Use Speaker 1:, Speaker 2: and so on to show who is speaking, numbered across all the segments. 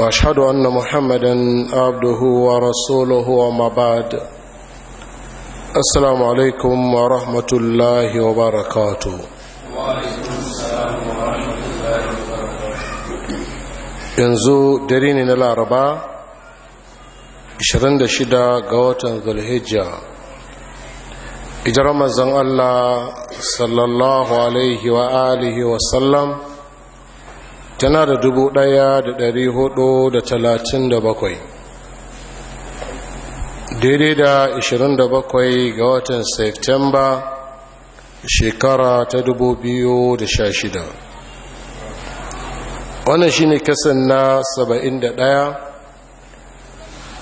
Speaker 1: واشهد ان محمدا عبده ورسوله وما بعد السلام عليكم ورحمه الله وبركاته yanzu dare ne na laraba 26 ga watan zulhijja idan ramazan allah sallallahu alaihi wa alihi sallam. tana da dubu ɗaya da ɗari hudu da talatin da bakwai daidai da ishirin da bakwai ga watan septemba shekara ta dubu biyu da sha shida wannan shine kasan na saba'in da ɗaya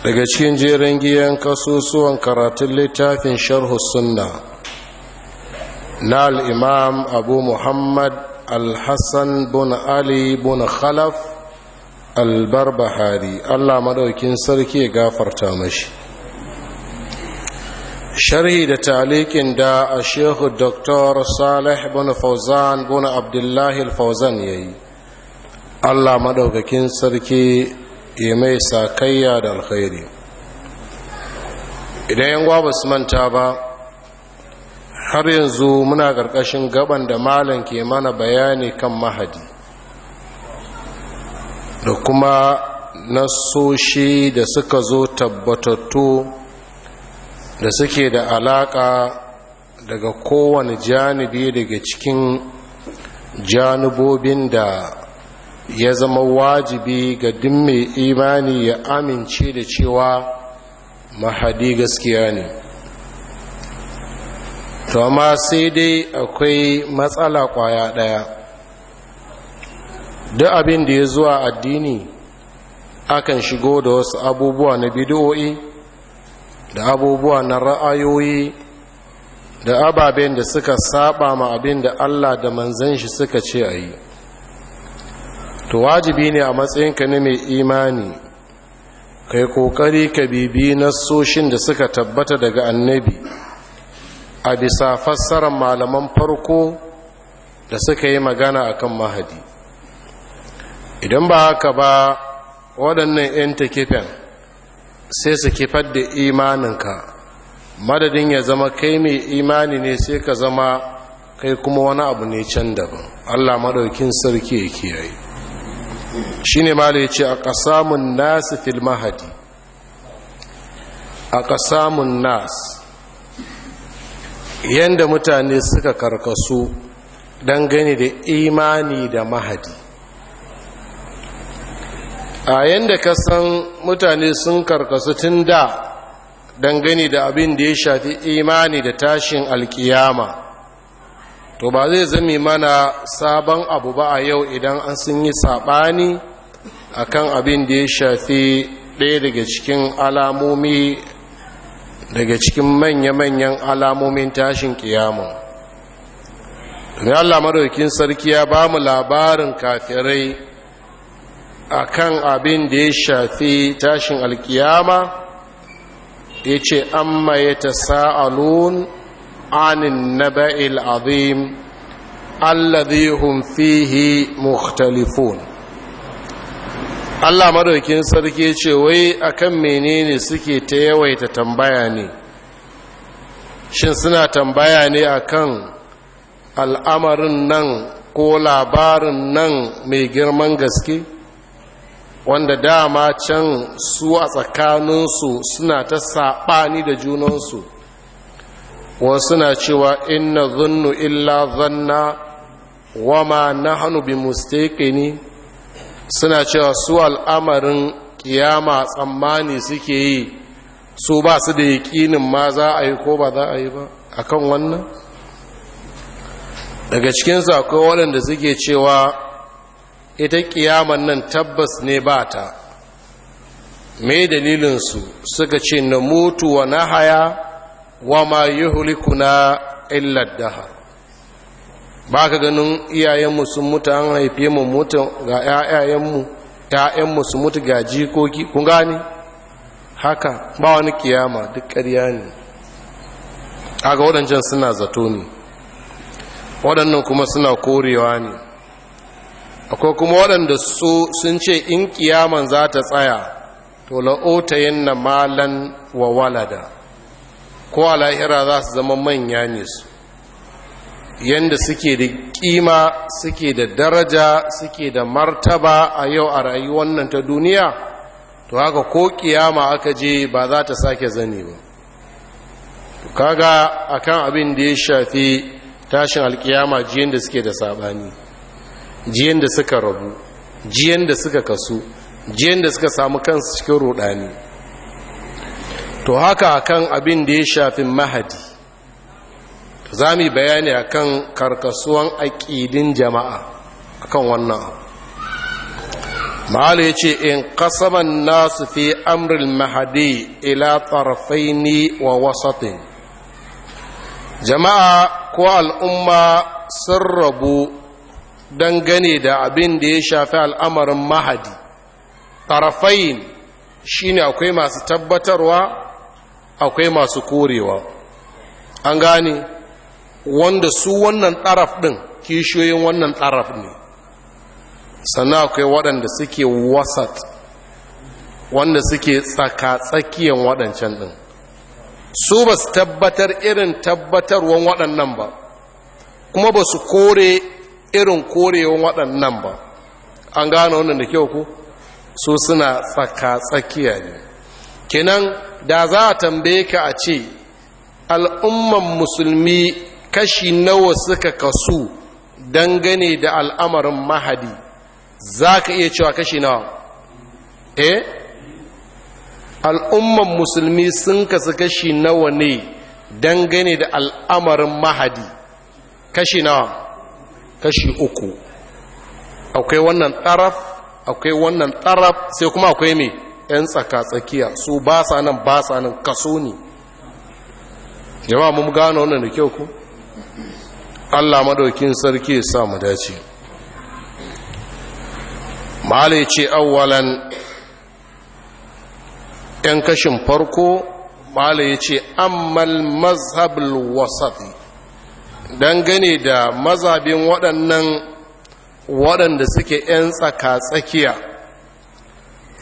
Speaker 1: daga cikin jerin giyan kasusuwan karatun littafin sharhu sunna na al'imam abu muhammad alhassan bin ali bin khalaf albarbahari allah madaukin sarki gafarta mashi sharhi da talikin da a shehu dr salih bin fauzan bin abdullahi fauzan ya yi allah madaukakin sarki ya mai sakayya da alkhairi idan yan gwa ba su manta ba har yanzu muna ƙarƙashin gaban da malam ke mana bayani kan mahadi da kuma nasoshi da suka zo tabbatattu da suke da alaƙa daga kowane janibi daga cikin janibobin da ya zama wajibi ga duk imani ya amince da cewa mahadi gaskiya ne to amma sai dai akwai matsala kwaya ɗaya duk abin da ya zuwa addini akan shigo da wasu abubuwa na bidiyo'i da abubuwa na ra'ayoyi da ababen da suka saba ma abin da Allah da manzan shi suka ce a yi to wajibi ne a matsayinka na mai imani kai kokari ka bibi soshin da suka tabbata daga annabi a bisa fassarar malaman farko da suka yi magana a kan mahadi idan ba haka ba waɗannan 'yan takifin sai su kifar da imaninka madadin ya zama kai mai imani ne sai ka zama kai kuma wani abu ne can daban allah maɗaukin sarki ya kiyaye shi ne mala ya ce a ƙasamun nasu fil a ƙasamun nasu yadda mutane suka karkasu don gani da imani da mahadi a yadda ka san mutane sun karkasu tun da don gani da abin da ya shafi imani da tashin alkiyama to ba zai zami mana sabon abu ba a yau idan an sun yi saɓani akan abin da ya shafi ɗaya daga cikin alamomi daga cikin manya-manyan alamomin tashin kiyama domin allah madaukin sarki ya ba mu labarin kafirai a kan abin da ya shafi tashin alkiyama ya ce amma ya ta sa'alun anin naba'il azim alladhi fihi mukhtalifun Allah madaukin sarki ce wai akan menene suke ta yawaita tambaya ne shin suna tambaya ne akan al'amarin nan ko labarin nan mai girman gaske wanda dama can su a tsakaninsu suna ta saɓani da junansu wasu na cewa inna zunnu illa zanna wama nahnu bi mustaƙini suna cewa su al'amarin kiyama tsammani suke yi su ba su da yaƙinin ma za a yi ko ba za a yi ba a kan wannan daga cikinsu akwai waɗanda suke cewa ita ƙiyaman nan tabbas ne ba ta mai dalilinsu suka ce na mutu na haya wa ma yi hulikuna illar dahar ba ka ganin iyayenmu sun mutu an haife mu mutu ga ‘ya'yayenmu ‘ya'yanmu su mutu ga jikoki kun gani haka ba wani kiyama duk ƙarya ne a waɗancan suna zato ne waɗannan kuma suna korewa ne akwai kuma waɗanda su sun ce in kiyaman za ta tsaya to yin na malan wa walada ko a lahira za su zama manya ne su yanda suke da kima suke da daraja suke da martaba a yau a rayuwar nan ta duniya to haka ko ƙiyama aka je ba za ta sake zane ba to kaga akan abin da ya shafi tashin alkiyama jiyan da suke da sabani jiyan da suka rabu jiyan da suka kasu jiyan da suka samu kansu cikin rudani to haka akan abin da ya shafi mahadi za mu bayani akan karkasuwan aƙidin jama'a akan wannan ma'ala ya ce in kasaban nasu fi amril mahadi ila ne wa wasatin jama'a ko al'umma sun rabu dangane da abin da ya shafi al'amarin mahadi shi shine akwai masu tabbatarwa akwai masu korewa an gane wanda su wannan ɗaraf ɗin kishiyoyin wannan ɗaraf ne sannan akwai waɗanda suke wasat wanda suke tsaka-tsakiyan waɗancan ɗin su ba su tabbatar irin tabbatarwan waɗannan ba kuma ba su kore irin korewan waɗannan ba an gane wannan da kyau ku su suna tsaka-tsakiya ne kenan da za a tambaye ka a ce al'umman musulmi kashi nawa suka kasu dangane da al'amarin mahadi za ka iya cewa kashi nawa eh al'umman musulmi sun kasu kashi nawa ne dangane da al'amarin mahadi kashi nawa kashi uku akwai wannan taraf akwai wannan taraf sai kuma akwai mai 'yan tsaka-tsakiya su ba sa nan ba sa nan kaso ne jama'a mun gano wannan da kyau ku Allah madaukin sarki ya sa mu dace malai ce awwalan yan kashin farko malai ce ammal mazhabul wasati dangane da mazabin waɗannan waɗanda suke yan tsaka tsakiya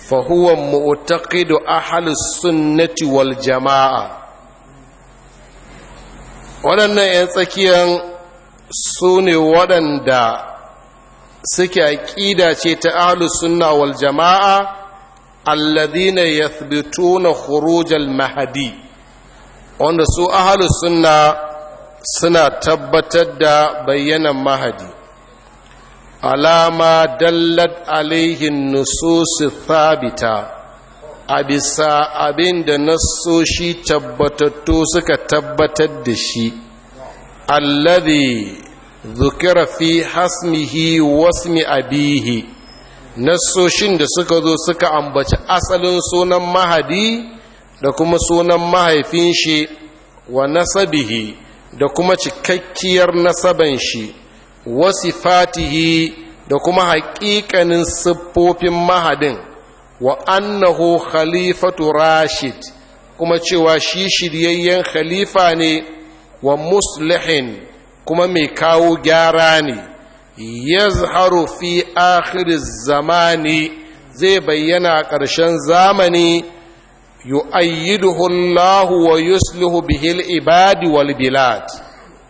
Speaker 1: fa huwa mu'taqidu ahlus sunnati wal jama'a waɗannan yan tsakiyan su ne waɗanda suke aƙida ce ta ahlus sunna wal jama'a ya yathbituna na al mahadi, wanda su ahlus sunna suna tabbatar da bayyanan mahadi alama dallat alaihin nusus thabita a bisa abin da nassoshi tabbatattu suka tabbatar da shi alladhi zukira fi hasmihi wasmi abihi nassoshin da suka zo suka ambaci asalin sunan mahadi da kuma sunan mahaifin shi wa nasabihi da kuma cikakkiyar nasaban shi wasifatihi da kuma haƙiƙanin siffofin mahadin wa annahu khalifatu rashid kuma cewa shi shiryayyen khalifa ne wa muslihin kuma mai kawo gyara ne yazharu fi akhir zamani zai bayyana a ƙarshen zamani yu'ayyiduhullahu wa yuslihu bihil ibadi wal bilad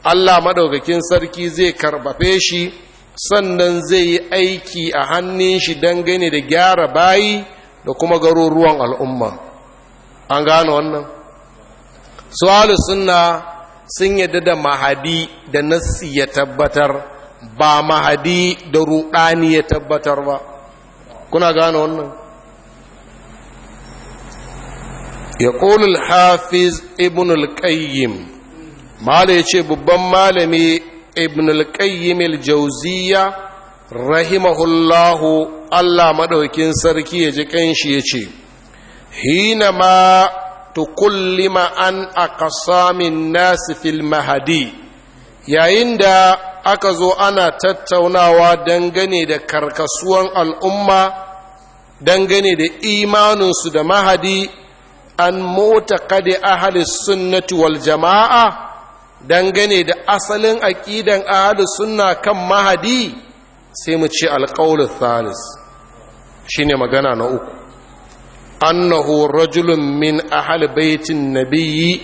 Speaker 1: Allah maɗaukakin sarki zai karbafe shi sannan zai yi aiki a hannun shi dangane da gyara bayi da kuma garuruwan al'umma an gano wannan su sunna sun yadda da mahadi da nassi ya tabbatar ba mahadi da ruɗani ya tabbatar ba kuna gane wannan ya ƙolul hafiz ibn al-qayyim ya ce babban malami ibn al-qayyim al-jauziya rahimahullahu allah maɗaukin sarki ya ji ƙanshi ya ce hina ma tukullima an aqsamin nasi fil mahadi yayin da aka zo ana tattaunawa dangane da karkasuwan al'umma dangane da imaninsu da mahadi an mota kade ahli sunnati wal jama'a dangane da asalin aƙidan ahli sunna kan mahadi sai mu ce alƙaunin thalis shine magana na uku annahu rajulun min ahal baitin nabiyyi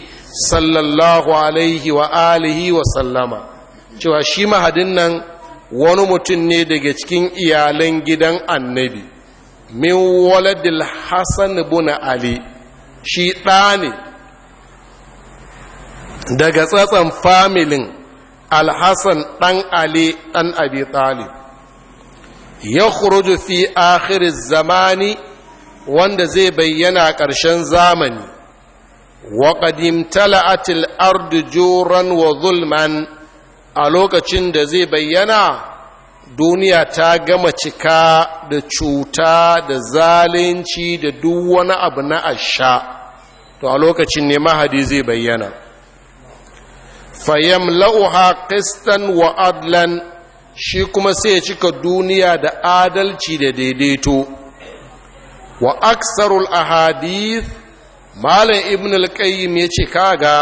Speaker 1: sallallahu alaihi wa alihi wa sallama cewa shi mahadin nan wani mutum ne daga cikin iyalan gidan annabi min waladil hasan ibn ali shi ɗa ne daga tsatsan familin alhassan ɗan ali ɗan abi talib ya fi akhir zamani wanda zai bayyana ƙarshen zamani wa tala'atil ardu juran wa zulman a lokacin da zai bayyana duniya ta gama cika da cuta da zalunci da duk wani abu na asha to a lokacin ne mahadi zai bayyana fayyam la'uha kistan wa adlan shi kuma sai cika duniya da adalci da daidaito wa aksarul ahadith malam ibn al-qayyim yace kaga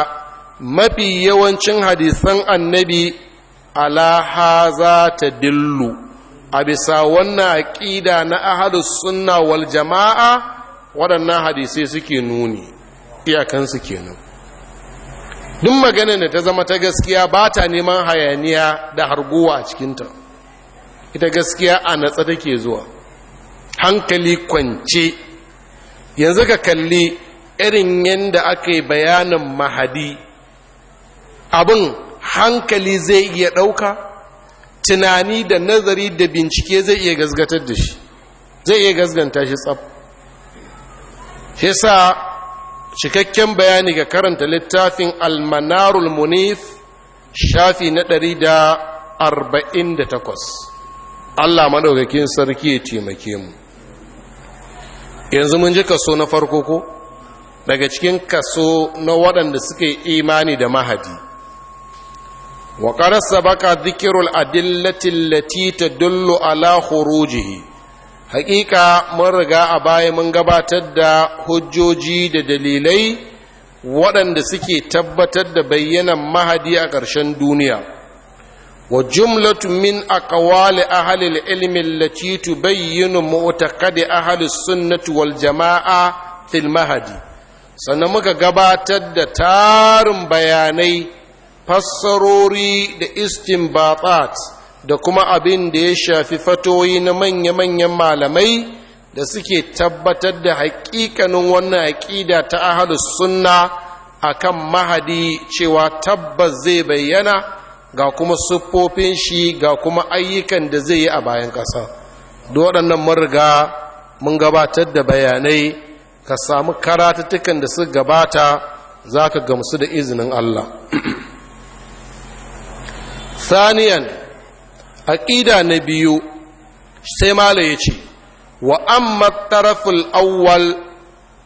Speaker 1: mafi yawancin hadisan annabi ala haza tadillu a bisa wannan aqida na ahlus sunna wal jama'a waɗannan hadisai suke nuni iyakansu kenan duk maganar da ta zama ta gaskiya ba ta neman hayaniya da harguwa a cikinta ita gaskiya a natsa take zuwa hankali kwance yanzu ka kalli irin yadda aka yi bayanin mahadi abin hankali zai iya ɗauka tunani da nazari da bincike zai iya gazgatar da shi zai iya gazganta shi tsab shi sa cikakken bayani ga karanta littafin almanarul munif shafi na ɗari da arba'in da takwas Allah maɗaukakin sarki ya taimake mu yanzu mun ji kaso na farko ko daga cikin kaso na waɗanda suka yi imani da mahadi wa qara sabaqa latin lati ta dullo ala khurujihi haƙiƙa mun riga a baya mun gabatar da hujjoji da dalilai waɗanda suke tabbatar da bayyanan mahadi a ƙarshen duniya wa jumlatu min aqwali ahli al-ilm allati tubayyinu mu'taqadi ahli sunnati wal jama'a fil Mahadi, sannan muka gabatar da tarin bayanai fassarori da istinbatat da kuma abin da ya shafi fatoyi na manya-manyan malamai da suke tabbatar da haƙiƙanin wannan aƙida ta ahalus sunna akan mahadi cewa tabbas zai bayyana ga kuma siffofin shi ga kuma ayyukan da zai yi a bayan ƙasa da waɗannan mariga mun gabatar da bayanai ka samu karatattukan da su gabata za ka gamsu da izinin Allah saniyan aƙida na biyu sai mala ya ce wa amma taraful awwal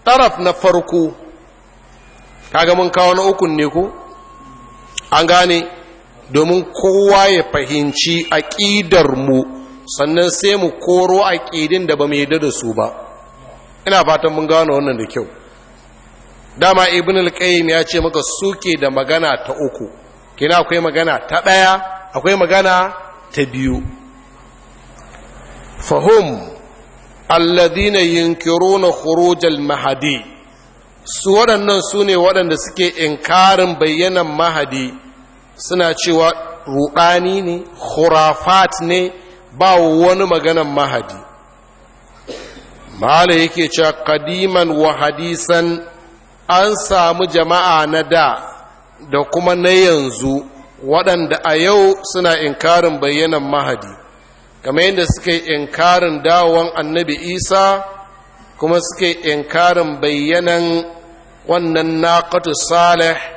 Speaker 1: taraf na farko kaga mun kawo na ukun ne ku an gane domin kowa ya fahimci aƙidar mu sannan sai mu koro aƙidin da ba mu yi da su ba ina fatan mun gano wannan da kyau dama ibn al-qayyim ya ce maka suke da magana ta uku kina akwai magana ta ɗaya akwai magana ta biyu fahum alladhina yunkiruna khuruj al-mahdi su waɗannan su ne waɗanda suke inkarin bayyanan mahadi suna cewa ruɗani ne khurafat ne ba wani maganan mahadi mahala yake cewa kadiman wa hadisan an samu jama'a na da da kuma na yanzu waɗanda a yau suna inkarin bayyanan mahadi kamar yadda suka yi inkarin dawon annabi isa kuma suka yi inkarin bayyanan wannan naƙatu salih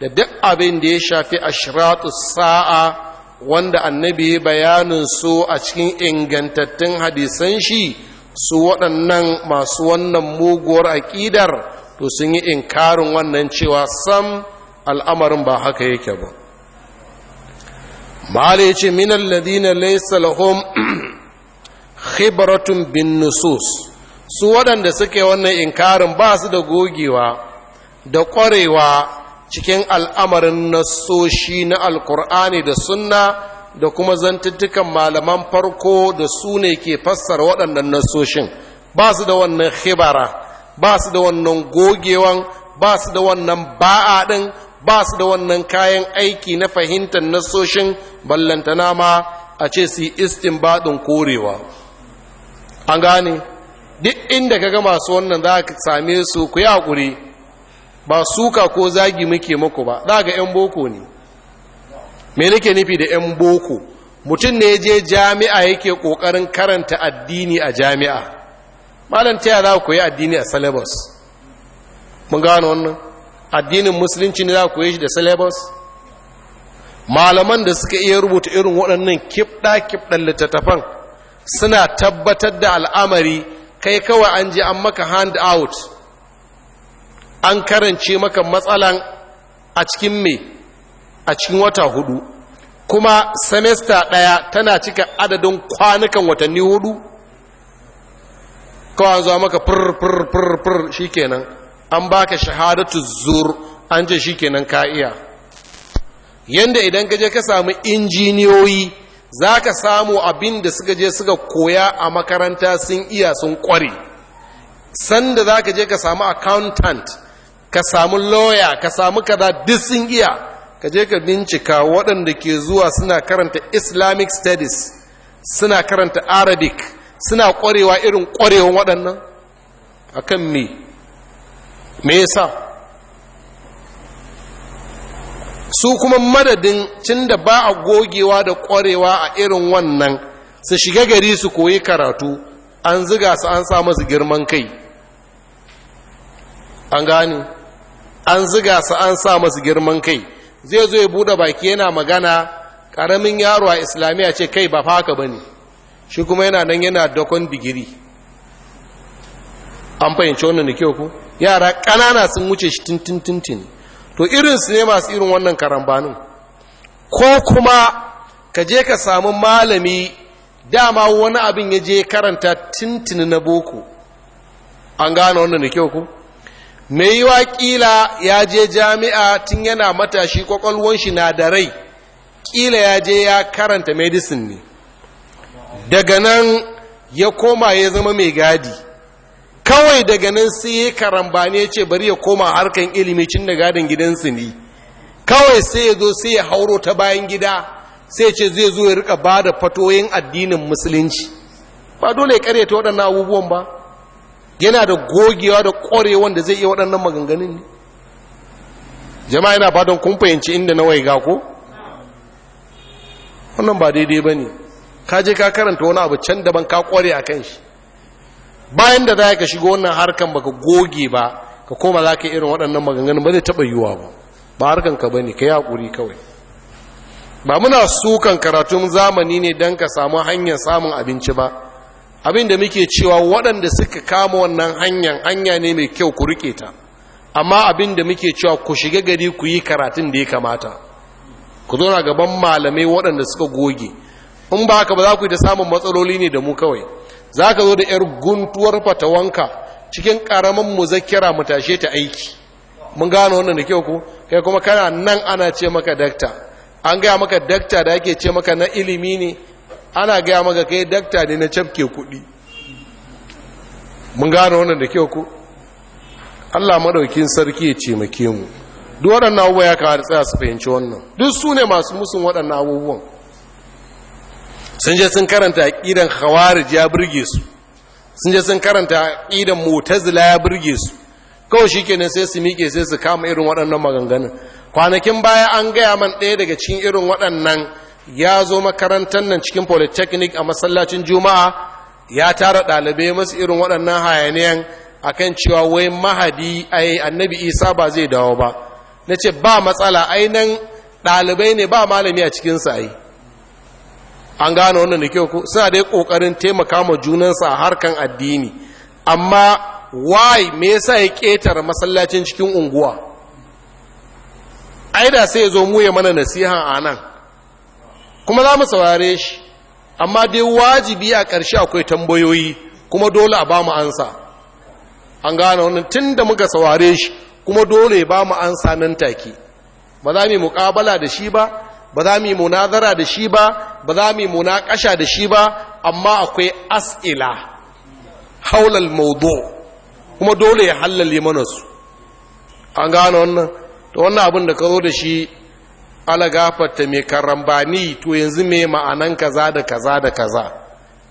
Speaker 1: da duk abin da ya shafi ashratu sa'a wanda annabi ya bayanin su a cikin ingantattun hadisan shi su waɗannan masu wannan muguwar aƙidar to sun yi inkarin wannan cewa sam al'amarin ba haka yake ba mahala ya ce minan ladina laisa lahum khibratun bin nusus su waɗanda suke wannan inkarin ba su da gogewa da ƙwarewa cikin al'amarin nasoshi na alkur'ani da sunna da kuma zantuttukan malaman farko da su ne ke fassar waɗannan nasoshin ba su da wannan khibara ba su da wannan gogewan ba su da wannan ba'a ɗin ba su da wannan kayan aiki na fahimtar nasoshin ballantana ma a ce su yi istin baɗin korewa an gane duk inda ka ga masu wannan za ka same su ku yi haƙuri ba suka ko zagi muke muku ba za ga 'yan boko ne me nake nufi da 'yan boko mutum ne je jami'a yake kokarin karanta addini a jami'a malam ta za ku yi addini a syllabus mun gano wannan addinin musulunci ne za ku yi shi da syllabus malaman da suka iya rubuta irin waɗannan kifɗa-kifɗan littattafan suna tabbatar da al'amari kai kawai an je an maka hand out an karance maka matsalan a cikin me a cikin wata hudu kuma semesta daya tana cika adadin kwanukan watanni hudu kawai an zuwa maka fir fir fir fir shikenan an baka shahadatu zur an ce shikenan ka iya yanda idan ka ka samu injiniyoyi za ka samu abin da suka je suka koya a makaranta sun iya sun kware sanda za ka je ka samu accountant ka samu lawyer ka samu kaza duk sun iya ka je ka bincika waɗanda ke zuwa suna karanta islamic studies suna karanta arabic suna ƙwarewa irin ƙwarewan waɗannan A kan me me yasa su kuma madadin cin da ba a gogewa da ƙwarewa a irin wannan su shiga gari su koyi karatu an ziga su an sa musu girman kai an gane an ziga su an sa masu girman kai zai zo ya bude baki yana magana Karamin yaro a islamiyya ce kai ba fa ba ne shi kuma yana nan yana dakon digiri an fahimci wannan da kyau ku yara ƙanana sun wuce shi tintintintin to irin su ne masu irin wannan karambanin ko kuma ka je ka samu malami dama wani abin ya je karanta tintini na boko an gane wannan da kyau ku mai yiwa kila ya je jami'a tun yana matashi kwakwalwan shi na da rai Ƙila ya je ya karanta medicine ne daga nan ya koma ya zama mai gadi kawai daga nan sai ya karambani ya ce bari ya koma harkan ilimi cin da gadin gidansu ne kawai sai ya zo sai ya hauro ta bayan gida sai ce zai zo ya rika ba da fatoyin addinin musulunci ba dole ya karyata waɗannan abubuwan ba yana da gogewa da kore da zai iya waɗannan maganganun ne jama'a yana fatan kun fahimci inda na waiga ko wannan ba daidai ba ne ka je ka karanta wani abu can daban ka ƙware a kan shi bayan da za ka shiga wannan harkan baka goge ba ka koma za ka irin waɗannan maganganun ba zai taɓa yiwuwa ba ba harkan ka ba ne ka yi haƙuri kawai ba muna sukan karatun zamani ne don ka samu hanyar samun abinci ba abin da muke cewa waɗanda suka kama wannan hanyar hanya ne mai kyau ku rike ta amma abin da muke cewa ku shiga gari ku yi karatun da ya kamata ku zo na gaban malamai waɗanda suka goge in ba haka ba za ku yi ta samun matsaloli ne da mu kawai za ka zo da 'yar guntuwar fatawanka cikin ƙaramin muzakkira mu tashe ta aiki mun gano wannan da kyau ko kai kuma kana nan ana ce maka dakta an gaya maka dakta da ake ce maka na ilimi ne ana gaya maka kai dakta ne na cafke kuɗi mun gano wannan da kyau ko allah maɗaukin sarki ya ce make mu duk waɗannan abubuwa ya kawo da tsaya su fahimci wannan duk su ne masu musun waɗannan abubuwan sun je sun karanta aƙidan khawarij ya burge su sun je sun karanta aƙidan mutazila ya burge su kawai shi kenan sai su miƙe sai su kama irin waɗannan maganganun kwanakin baya an gaya man ɗaya daga cikin irin waɗannan ya zo makarantar nan cikin polytechnic a masallacin juma'a ya tara ɗalibai masu irin waɗannan hayaniyan akan cewa wai mahadi ai annabi isa ba zai dawo ba na ce ba matsala ainihin ɗalibai ne ba malami a cikinsa ai an gano wannan da kyau ku suna dai ƙoƙarin taimaka ma junansa a harkan addini amma wai me yasa ya ƙetare masallacin cikin unguwa ai da sai ya zo mu ya mana nasiha a nan kuma za mu saurare shi amma dai wajibi a ƙarshe akwai tambayoyi kuma dole a ba mu ansa an gane wannan tun da muka saurare shi kuma dole ya ba mu ansa nan take ba za mu yi muƙabala da shi ba ba za mu yi munazara da shi ba ba za mu yi munakasha da shi ba amma akwai as'ila haulal maudu kuma dole ya hallale mana su an gane wannan to wannan abin da ka zo da shi ala gafarta mai karambani to yanzu mai ma'anan kaza da kaza da kaza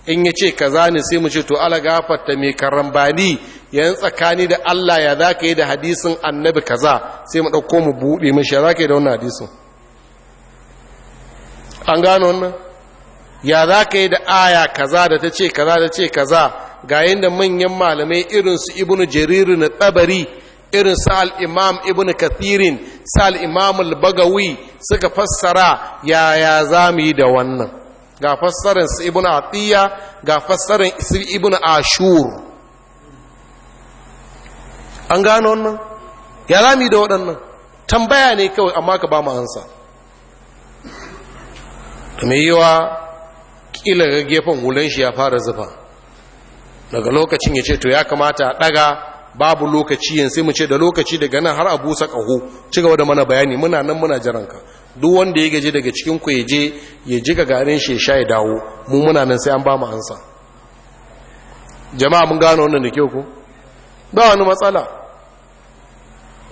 Speaker 1: in ya ce kaza ne sai mu ce to ala gafarta mai karambani yan tsakani da Allah ya za ka yi da hadisin annabi kaza sai mu ɗauko mu buɗe mashi ya za ka yi da wannan hadisin an gano wannan ya za ka yi da aya kaza da ta ce kaza da ce kaza ga yadda manyan malamai irin su ibnu jarir na tsabari irin sa imam ibn kathirin sa al-imam bagawi suka fassara yaya za mu yi da wannan ga fassarin su ibn atiya ga fassarin su ibn ashur an gano wannan ya za mu yi da waɗannan tambaya ne kawai amma ka ba mu ansa mai yiwa ƙila ga gefen hulun shi ya fara zufa daga lokacin ya ce to ya kamata a ɗaga babu lokaci yin sai mu ce da lokaci daga nan har a busa ƙaho ci gaba da mana bayani muna nan muna jiranka duk wanda ya gaje daga cikin ku ya je ya ji ga garin shi sha ya dawo mu muna nan sai an ba mu ansa jama'a mun gano wannan da kyau ko ba wani matsala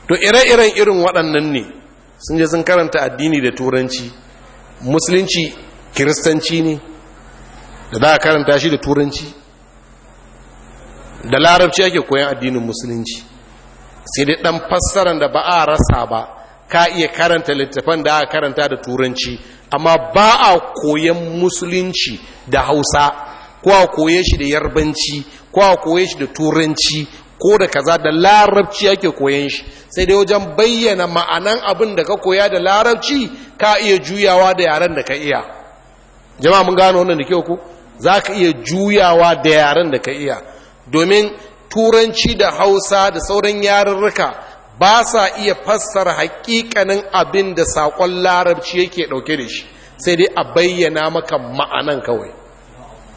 Speaker 1: to ire-iren irin waɗannan ne sun je sun karanta addini da turanci musulunci kiristanci ne da za a karanta shi da turanci da larabci ake koyan addinin musulunci sai dai dan fassaran da ba a rasa ba ka iya karanta littafan da aka karanta da turanci amma ba a koyan musulunci da hausa ko a koye shi da yarbanci ko a koye shi da turanci ko da kaza da larabci ake koyan shi sai dai wajen bayyana ma'anan abin da ka koya da larabci ka iya juyawa da yaren da ka iya jama'a mun gano wannan da kyau ko, za ka iya juyawa da yaren da ka iya domin turanci da hausa da sauran yarurruka ba sa iya fassara hakikanin abin da saƙon larabci yake ɗauke da shi sai dai a bayyana maka ma'anan kawai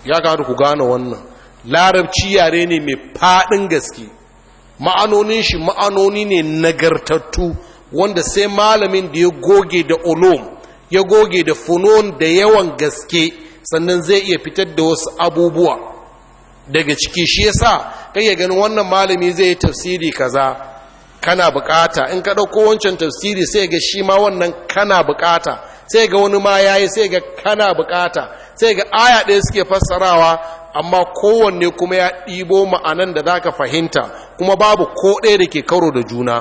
Speaker 1: ya gano ku gane wannan larabci yare ne mai faɗin gaske ma'anonin shi ma'anoni ne nagartattu wanda sai malamin da ya goge da olom ya goge da funon da yawan gaske sannan zai iya fitar da wasu abubuwa daga ciki shi yasa kai ya ganin wannan malami zai yi tafsiri kaza kana bukata in ka dauko wancan tafsiri sai ga shi ma wannan kana bukata sai ga wani ma yayi sai ga kana bukata sai ga aya ɗaya suke fassarawa amma kowanne kuma ya ɗibo ma'anan da zaka fahimta kuma babu ko ɗaya da ke karo da juna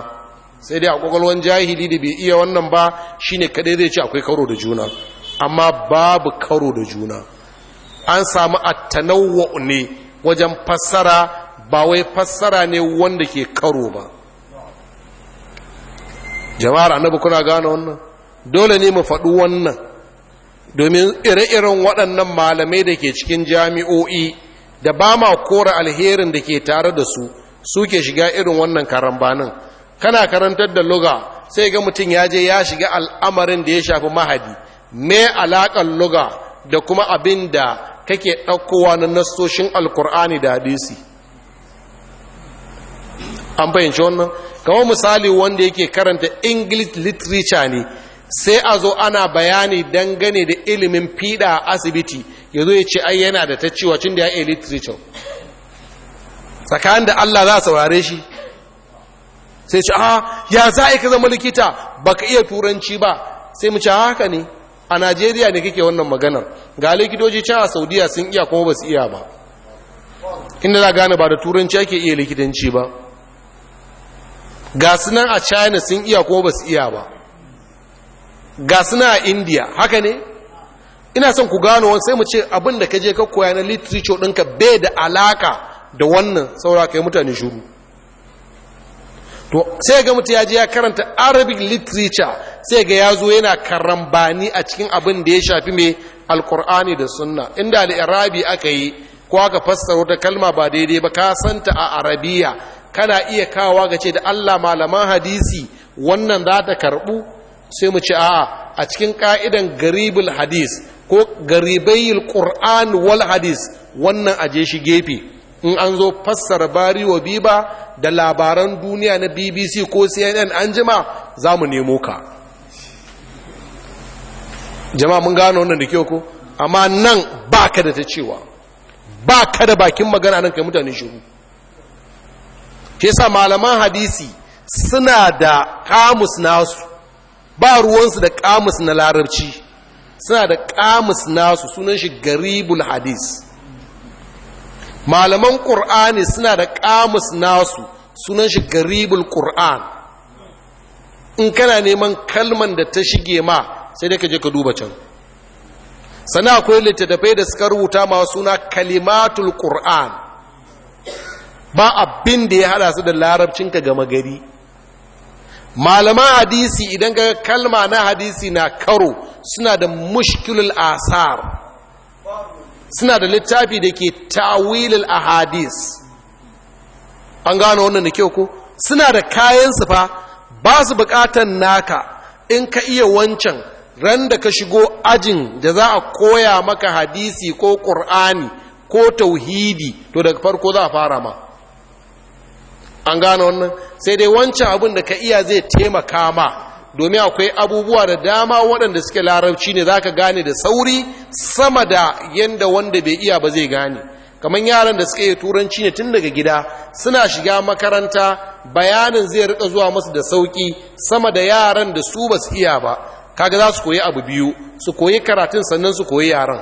Speaker 1: sai dai a kwakwalwan jahili da bai iya wannan ba shine kaɗai zai ce akwai karo da juna amma babu karo da juna an samu attanawwa ne wajen fassara ba wai fassara ne wanda ke karo ba jama'ar annabi kuna gane wannan dole ne mu faɗi wannan domin ire-iren waɗannan malamai da ke cikin jami'o'i da ba ma kora alherin da ke tare da su suke shiga irin wannan karambanin kana karantar da luga sai ga mutum ya je ya shiga al'amarin da ya shafi mahadi me alaƙar luga da kuma abin da kake ɗaukowa na nassoshin alkur'ani da hadisi an fahimci wannan kamar misali wanda yake karanta english literature ne sai a zo ana bayani dangane da ilimin fiɗa a asibiti ya zo ya ce ai yana da ta cewa cin da ya iya literature tsakanin da allah za a saurare shi sai ce aha ya za a yi ka zama likita ka iya turanci ba sai mu ce haka ne a najeriya ne kake wannan maganar ga likitoci can a saudiya sun iya kuma ba su iya ba inda za gane ba da turanci ake iya likitanci ba ga nan a china sun iya kuma ba su iya ba ga nan a india haka ne ina son ku gano wani sai mu ce abin da ka je ka koya na literature ɗinka bai da alaka da wannan saura kai mutane shuru to sai ga mutu ya je ya karanta arabic literature sai ga ya zo yana karambani a cikin abin da ya shafi mai alkur'ani da sunna inda al'irabi aka yi ko aka fassara wata kalma ba daidai ba ka santa a arabiya kana iya kawa ga ce da allah malaman hadisi wannan za ta karɓu sai mu ce a'a a cikin ka'idan garibul hadis ko garibayil qur'an wal hadis wannan aje shi gefe in an zo fassara bari wa biba da labaran duniya na bbc ko cnn an jima za mu nemo ka jama'a mun gano wannan da kyau ko amma nan ba ka da ta cewa ba ka da bakin magana nan kai mutane shiru ke sa malaman hadisi suna da kamus nasu ba ruwansu da kamus na larabci suna da kamus nasu sunan shi garibul hadis malaman ƙur'ani suna da kamus nasu sunan shi garibul ƙur'an in kana neman kalman da ta shige ma sai dai ka je ka duba can sana akwai littattafai da suka rubuta masu suna kalimatul qur'an ba abin da ya hada su da larabcinka gama gari malaman hadisi idan ga kalma na hadisi na karo suna da mushkilul asar suna da littafi da ke tawilul ahadis an gano wannan da kyau ko suna da kayan fa ba su bukatan naka in ka iya wancan ran da ka shigo ajin da za a koya maka hadisi ko ƙur'ani ko tauhidi to daga farko za a fara ma an gane wannan sai dai wancan abin da ka iya zai taimaka ma domin akwai abubuwa da dama waɗanda suke larabci ne za ka gane da sauri sama da yadda wanda bai iya ba zai gane kamar yaran da suka yi turanci ne tun daga gida suna shiga makaranta bayanin zai rika zuwa masu da sauki sama da yaran da su ba su iya ba kaga za su koyi abu biyu su koyi karatun sannan su koyi yaran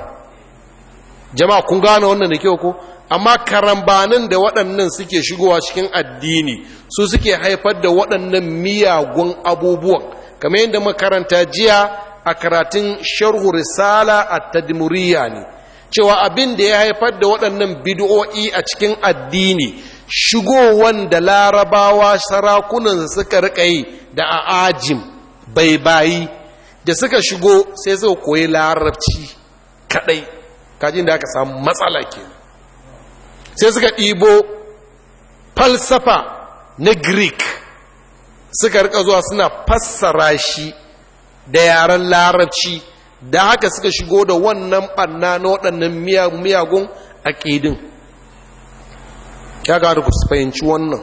Speaker 1: jama'a kun gane wannan da kyau ko amma karambanin da waɗannan suke shigowa cikin addini su suke haifar da waɗannan miyagun abubuwan kamar yadda makaranta jiya a karatun sharhu risala a tadmuriya ne cewa abin da ya haifar da waɗannan bid'o'i a cikin addini shigowan da larabawa sarakunan suka riƙa yi da a ajim bai bayi da suka shigo sai suka koyi larabci kadai kajin da aka samu matsala ke sai suka ɗibo falsafa na greek suka rika zuwa suna fassara shi da yaren larabci da haka suka shigo da wannan ɓanna na waɗannan miyagun a ƙidin. ya gada ku fahimci wannan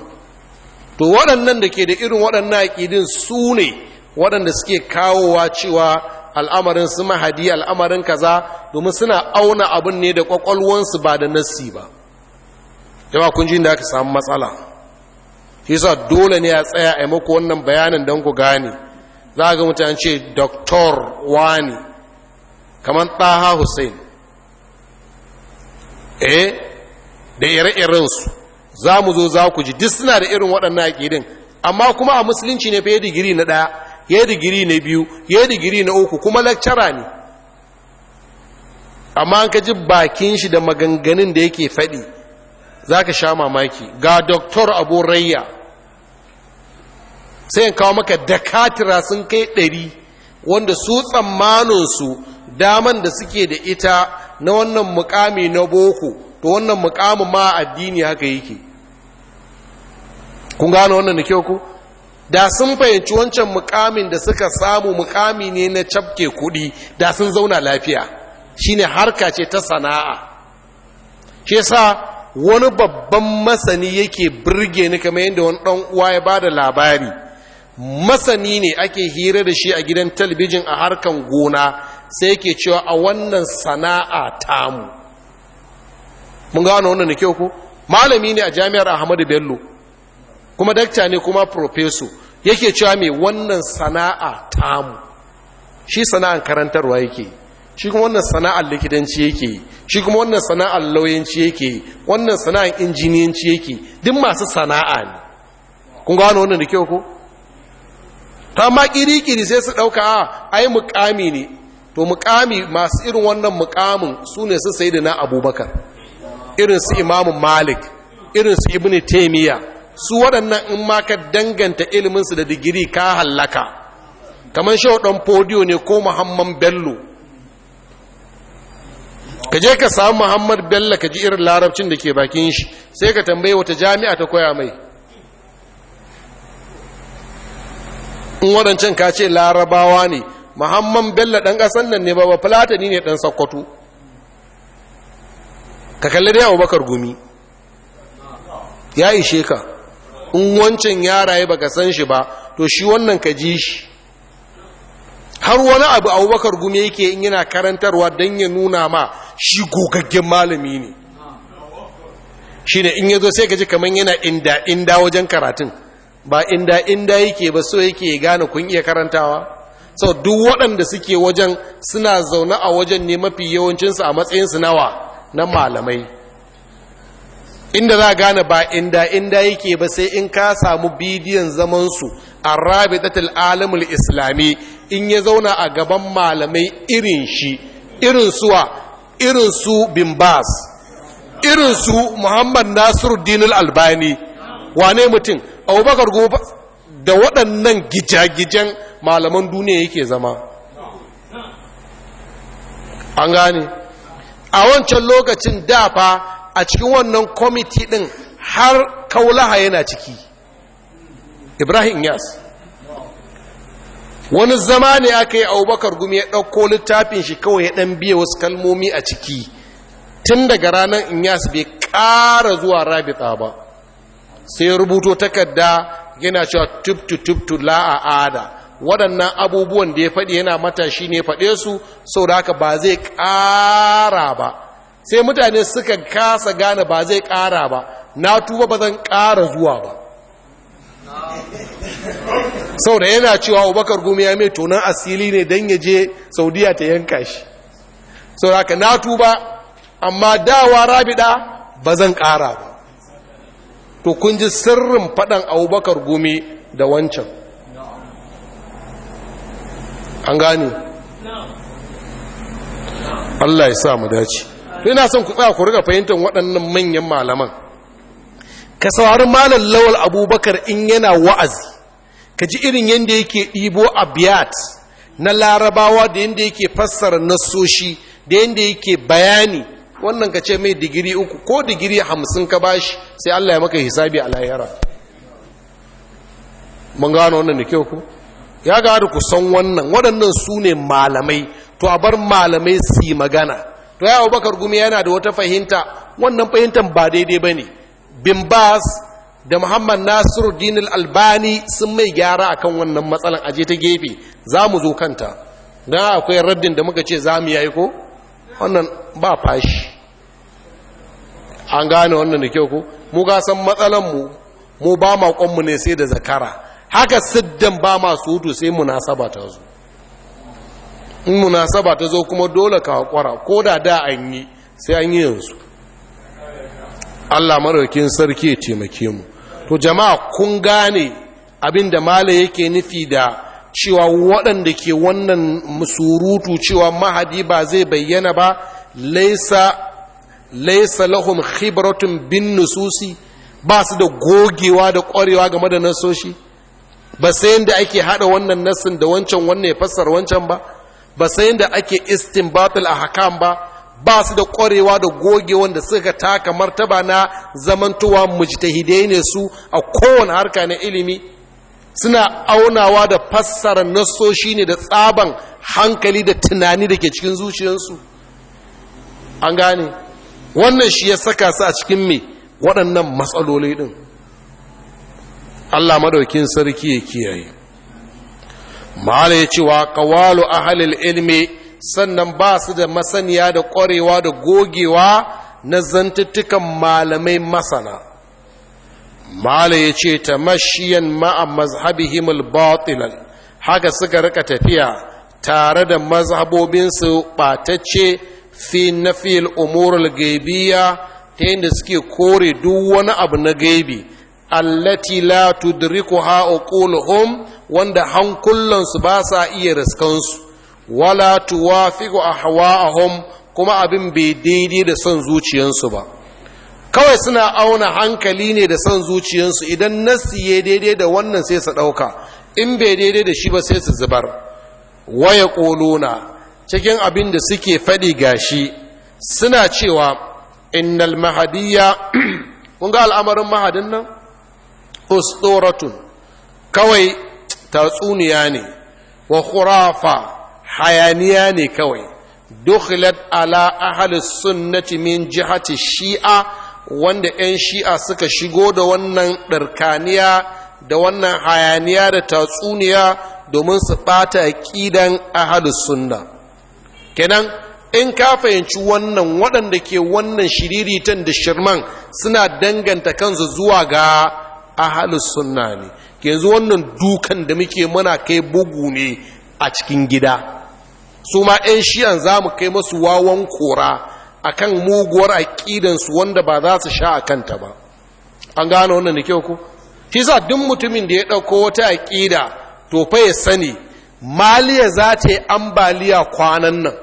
Speaker 1: to waɗannan da ke da irin waɗannan a ƙidin su ne waɗanda suke kawowa cewa al'amarin su mahadi al'amarin kaza domin suna auna abin ne da ƙwaƙwalwansu ba da nassi ba jama kun ji da aka samu matsala shi sa dole ne a tsaya a maku wannan bayanin don ku gane za ga mutane ce doktor wani kamar taha hussein eh da ire-irensu za mu zo za ku ji duk suna da irin waɗannan aƙidin amma kuma a musulunci ne fiye digiri na ɗaya ya digiri na biyu ya digiri na uku kuma lakcara ne amma an ka ji bakin shi da maganganun da yake faɗi za ka sha mamaki ga doktor abu rayya sai kawo maka dakatira sun kai ɗari wanda su tsammaninsu daman da suke da ita na wannan mukami na boko to wannan mukamin ma addini haka yake kun gane wannan da kyau ku da sun fahimci wancan mukamin da suka samu mukami ne na cafke kuɗi da sun zauna lafiya shine harka ce ta sana'a Ke sa wani babban masani yake birge ni kamar yadda wani ɗan uwa ya ba da labari masani ne ake hira da shi a gidan talabijin a harkan gona sai yake cewa a wannan sana'a tamu mun gano wannan da kyau ko malami ne a jami'ar ahmadu bello kuma dakta ne kuma profeso yake cewa mai wannan sana'a tamu shi sana'an karantarwa yake shi kuma wannan sana'ar likidanci yake shi kuma wannan sana'ar lauyanci yake wannan sana'ar injiniyanci yake duk masu sana'a ne kun gano wannan da kyau ko ta ma kirikiri sai su ɗauka a ah, ai mukami ne to mukami masu irin wannan mukamin su ne su sai da na abubakar irin su imamu malik irin su ibini taimiyya su waɗannan in ma ka danganta iliminsu da digiri ka hallaka kamar shi ɗan fodiyo ne ko muhammad bello ka je ka samu muhammad bello ka ji irin larabcin da ke bakin shi sai ka tambaye wata jami'a ta koya mai in waɗancan ka ce larabawa ne muhammad bello ɗan ƙasan nan ne ba ba fulatani ne ɗan sakkwato ka kalli da Abubakar gumi ya ishe ka in wancan ya baka san shi ba to shi wannan ka ji shi har wani abu abubakar Gumi yake in yana karantarwa don ya nuna ma shi gogaggen malami ne shi ne in ya zo sai ka ji kamar yana inda inda wajen karatun ba inda inda yake ba so yake gane kun iya karantawa sau duk waɗanda suke wajen suna zaune a wajen ne mafi yawancinsu a matsayinsu nawa na malamai inda za gane ba inda inda yake ba sai in ka samu bidiyon zamansu a rabitatul alamul islami in ya zauna a gaban malamai irin shi irin suwa irin su bin irin su muhammad nasiru dinul albani wane mutum abubakar gobe da waɗannan gijagijen malaman duniya yake zama an gane a wancan lokacin dafa a cikin wannan kwamiti ɗin har kaulaha yana ciki ibrahim yas wani zama ne aka yi abubakar gumi ya ɗauko littafin shi kawai ya ɗan biya wasu kalmomi a ciki tun daga ranar inyas bai ƙara zuwa rabita ba sai rubuto takarda yana cewa tubtu tubtu ada. waɗannan abubuwan da ya faɗi yana matashi ne faɗe su sau da haka ba zai ƙara ba sai mutane suka kasa gane ba zai ƙara ba na tuba ba zan ƙara zuwa ba sau da yana cewa abubakar gumi ya mai tonon asili ne don ya je saudiya ta yanka shi sau da ka na tuba amma dawa rabida ba zan ƙara ba to kun ji sirrin faɗan abubakar gumi da wancan an gani Allah ya sa mu dace ina son ku tsaya ku riga fahimtar waɗannan manyan malaman ka saurari malam lawal abubakar in yana wa'azi ka ji irin yadda yake ɗibo abiyat na larabawa da yadda yake fassara nasoshi da yadda yake bayani wannan ka ce mai digiri uku ko digiri hamsin ka bashi sai allah ya maka hisabi a lahira mun gano wannan da kyau ku ya gada ku san wannan waɗannan su ne malamai to a bar malamai su yi magana to ya abubakar gumi yana da wata fahimta wannan fahimtar ba daidai ba ne bin da muhammad nasiru dinil albani sun mai gyara akan wannan matsalan aje ta gefe za mu zo kanta don akwai raddin da muka ce za mu yayi ko wannan ba fashi an gane wannan da kyau ko mu ga san matsalanmu mu ba makonmu ne sai da zakara haka siddan ba masu hutu sai munasaba ta zuwa. in munasaba ta zo kuma dole ka haƙura ko da da an yi sai an yi yanzu allah maraukin sarki ya taimake mu to jama'a kun gane abin da mala yake nufi da cewa waɗanda ke wannan surutu cewa mahadi ba zai bayyana ba laisa laisa lahum khibratun bin nususi ba su da gogewa da ƙwarewa game da nasoshi ba sai yadda ake haɗa wannan nasin da wancan wannan ya fassara wancan ba ba sai da ake istinbatul ahkam ba ba su da ƙwarewa da goge wanda suka taka martaba na zamantowa mujtahide ne su a kowane harka na ilimi suna aunawa da fassara nassoshi ne da tsaban hankali da tunani da ke cikin zuciyarsu an gane wannan shi ya saka su a cikin me waɗannan matsaloli ɗin allah madaukin sarki ya kiyaye mala ya cewa kawalu ahalil ilmi sannan ba su da masaniya da ƙwarewa da gogewa na zantuttukan malamai masana mala ya ce ta mashiyan ma'a mazhabi al-batilan haka suka rika tafiya tare da mazhabobinsu ɓatacce fi nafil umurul gaibiya ta yadda suke kore duk wani abu na gaibi allati la tudrikuha uquluhum wanda hankulansu ba sa iya raskansu, wala tuwafiqu ahwa'ahum kuma abin bai daidai da son zuciyansu ba kawai suna auna hankali ne da son zuciyansu idan nasi ya daidai da wannan sai su ɗauka in bai daidai da shi ba sai su zubar waya ƙoluna cikin abin da suke faɗi gashi suna cewa innal mahadiyya kun ga al'amarin mahadin nan usturatun kawai tatsuniya ne wa khurafa hayaniya ne kawai dukhilat ala ahli sunnati min jihati shi'a wanda 'yan shi'a suka shigo da wannan ɗarkaniya da wannan hayaniya da tatsuniya domin su ɓata ƙidan ahli sunna kenan in ka fahimci wannan waɗanda ke wannan shiriritan da shirman suna danganta kansu zuwa ga ahalus sunna ne yanzu wannan dukan da muke muna kai bugu ne a cikin gida su ma 'yan shiyan za mu kai masu wawan kora a kan muguwar aƙidansu wanda ba za su sha a kanta ba an gano wannan da kyau ku shi sa duk mutumin da ya ɗauko wata aƙida to fa ya sani maliya za ta yi ambaliya kwanan nan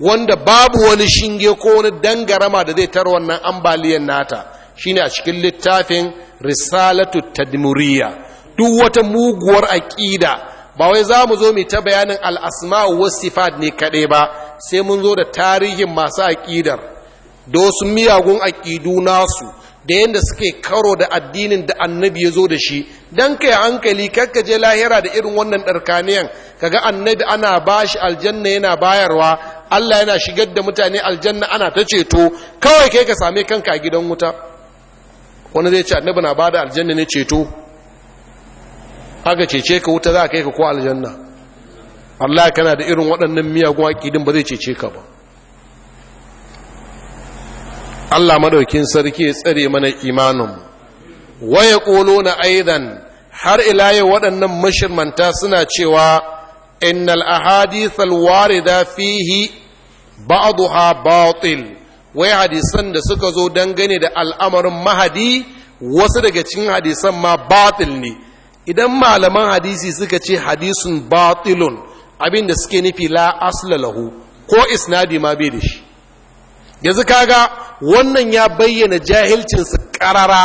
Speaker 1: wanda babu wani shinge ko wani dangarama da zai tar wannan ambaliyan nata shine a cikin littafin risalatu tadmuriya duk wata muguwar aƙida ba wai za mu zo mu ta bayanin al'asma was sifat ne kaɗai ba sai mun zo da tarihin masu aƙidar da wasu miyagun aƙidu nasu da yadda suke karo da addinin da annabi ya zo da shi don kai hankali ka je lahira da irin wannan ɗarkaniyan kaga annabi ana bashi aljanna yana bayarwa allah yana shigar da mutane aljanna ana ta ceto kawai kai ka same kanka a gidan wuta wani zai ce annabi na da aljanna ne ceto aka cece ka wuta za ka kai ka ko aljanna Allah kana da irin waɗannan miyagun aƙidin ba zai cece ka ba Allah maɗaukin sarki ya tsare mana imanin waya ƙolo na aidan har ila waɗannan mashirmanta suna cewa innal ware warida fihi ba'daha batil wai hadisan da suka zo dangane da al'amarin mahadi wasu daga cikin hadisan ma batil ne idan malaman hadisi suka ce hadisun batilun abin da suke nufi la asla lahu ko isnadi ma bai da shi yanzu kaga wannan ya bayyana jahilcinsu karara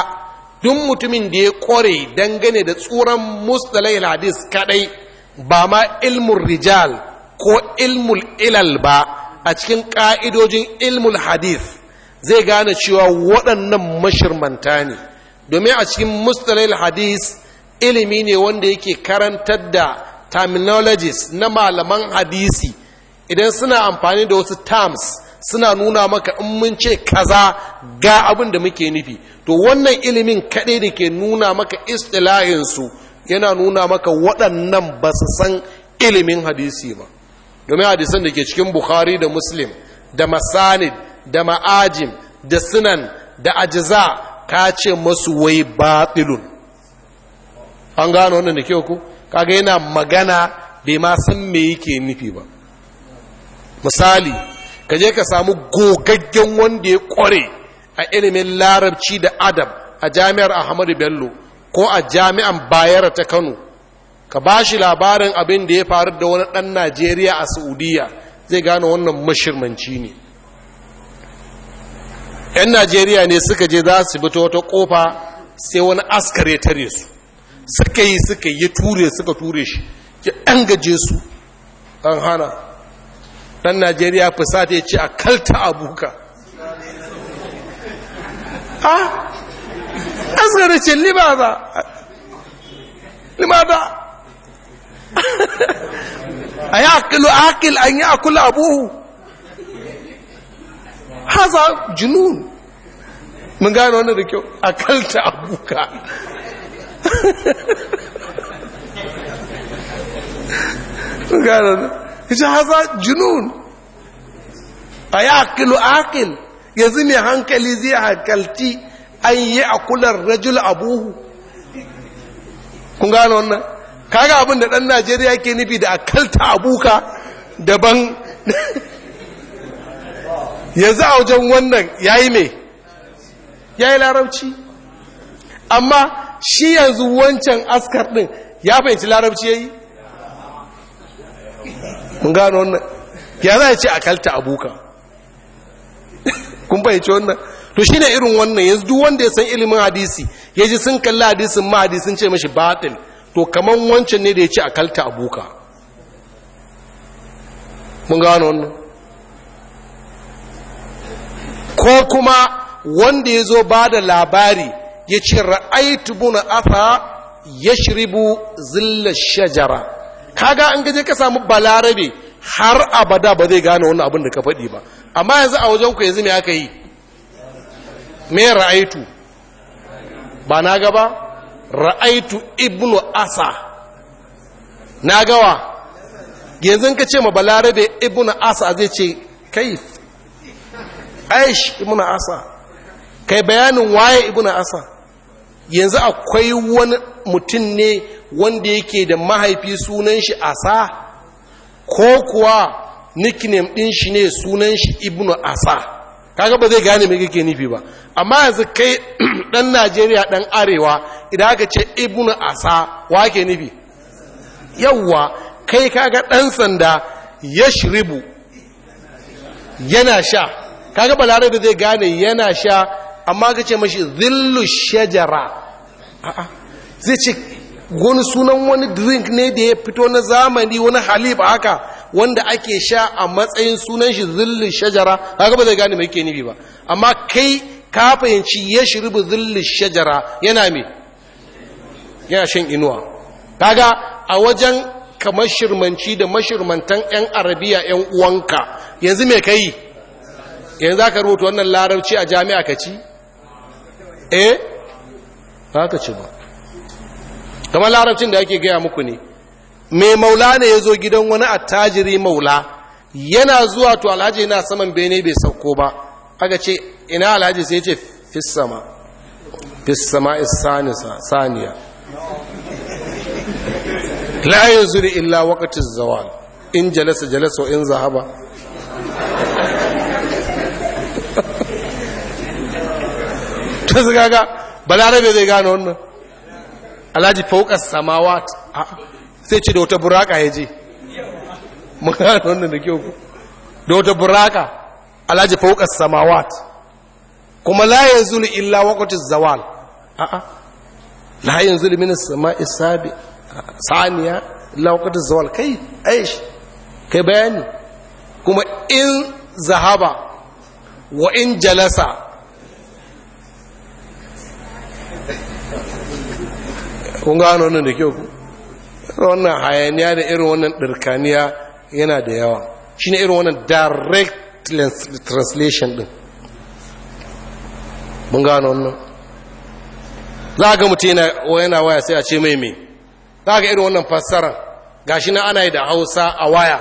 Speaker 1: duk mutumin da ya kware dangane da tsuran mustalai hadis kadai ba ma ilmul rijal ko ilmul ilal ba a cikin ƙa'idojin ilmul hadith zai gane cewa waɗannan mashirmanta ne domin a cikin mustalil hadith ilimi ne wanda yake karantar da terminologies na malaman hadisi idan suna amfani da wasu terms suna nuna maka in mun ce kaza ga abin da muke nufi to wannan ilimin kaɗai da ke nuna maka istilahinsu yana nuna maka waɗannan ba su san ilimin hadisi ba domin hadisan da ke cikin bukhari da muslim da masanid da ma'ajim da sunan da ajiza ka ce masu wai batilun an gano wannan da ke ku kaga yana magana bai ma san me yake nufi ba misali ka je ka samu gogaggen wanda ya kware a ilimin larabci da adab a jami'ar ahmadu bello ko a jami'an bayar ta kano ka ba shi labarin abin da ya faru da wani ɗan najeriya a saudiya zai gane wannan mashirmanci ne 'yan najeriya ne suka je za su bi ta wata ƙofa sai wani askare tare su suka yi suka yi ture suka ture shi ya ɗan gaje su an hana ɗan najeriya fusata ya ce a kalta abuka ni ba ya ce ba limaza a yi akilu akil an yi akula abuhu haza junun mun gano wani da kyau akalta abuka mun gano wani ita haza junun a yi akilu akil yanzu mai hankali zai hankalti an yi akular rajul abuhu kun gano wannan kaga abin da ɗan najeriya ke nufi da akalta abuka daban yanzu a wajen wannan ya yi mai ya yi larabci amma shi yanzu wancan askar ɗin ya fahimci larabci ya yi mun gano wannan ya za a ce akalta abuka kun fahimci wannan to shi ne irin wannan yanzu duk wanda ya san ilimin hadisi ya ji sun kalli hadisin ma hadisin ce mashi batin to kaman wancan ne da ya ci a kalta a buka mun gano wannan ko kuma wanda ya zo ba da labari ya ce ra'aitu buna afa ya shiribu zilla shajara kaga an gaje ka samu balarabe har abada ba zai gane wannan abin da ka faɗi ba amma yanzu a wajen ku yanzu me aka yi me ra'aitu ba na gaba ra'aitu ibnu asa na gawa yanzu ka ce ma balarabe ibnu asa zai ce kai aish ibnu asa kai bayanin waye ibnu asa yanzu akwai wani mutum ne wanda yake da mahaifi sunan shi asa ko kuwa nickname din shi ne sunan shi ibnu asa kaga ba zai gane me kake nufi ba amma yanzu kai dan Najeriya dan arewa idan aka ce ibnu asa wa ke nufi yauwa kai kaga dan sanda yashribu yana sha kaga lare da zai gane yana sha amma kace mashi zillu shajara zai ce wani sunan wani drink ne da ya fito na zamani wani halib haka wanda ake sha a matsayin sunan shi zillin shajara haka ba zai gane mai ke nufi ba amma kai ka fahimci ya shirbi zillin shajara yana mai yana shan inuwa kaga a wajen ka mashirmanci da mashirmantan 'yan arabiya 'yan uwanka yanzu me ka yi yanzu aka rubuta wannan larabci a jami'a ka ci eh ba ka ci ba kamar larabcin da ake gaya muku ne mai maula ne ya zo gidan wani attajiri maula yana zuwa to alhaji yana saman bene bai sauko ba aka ce ina alhaji sai ce fissama fissama isaniya saniya la yanzuri illa waqtiz zawal in jalasa jalasa in zahaba ta zaga balarabe zai gane wannan alhaji faukas samawat ah, sai ce da wata buraka ya je magana wannan da kyau da wata buraka alhaji faukas samawat kuma la zuli illa waqtiz zawal a'a ah, ah. la yanzu min as-sama'i sabi saniya illa waqtiz zawal kai aishi kai bayani kuma in zahaba wa in jalasa kun gano wannan da kyau ku wannan hayaniya da irin wannan ɗirkaniya yana da yawa shi ne irin wannan direct translation ɗin mun gano wannan za ga mutum yana waya sai a ce mai mai za ga irin wannan fassara ga shi na ana yi da hausa a waya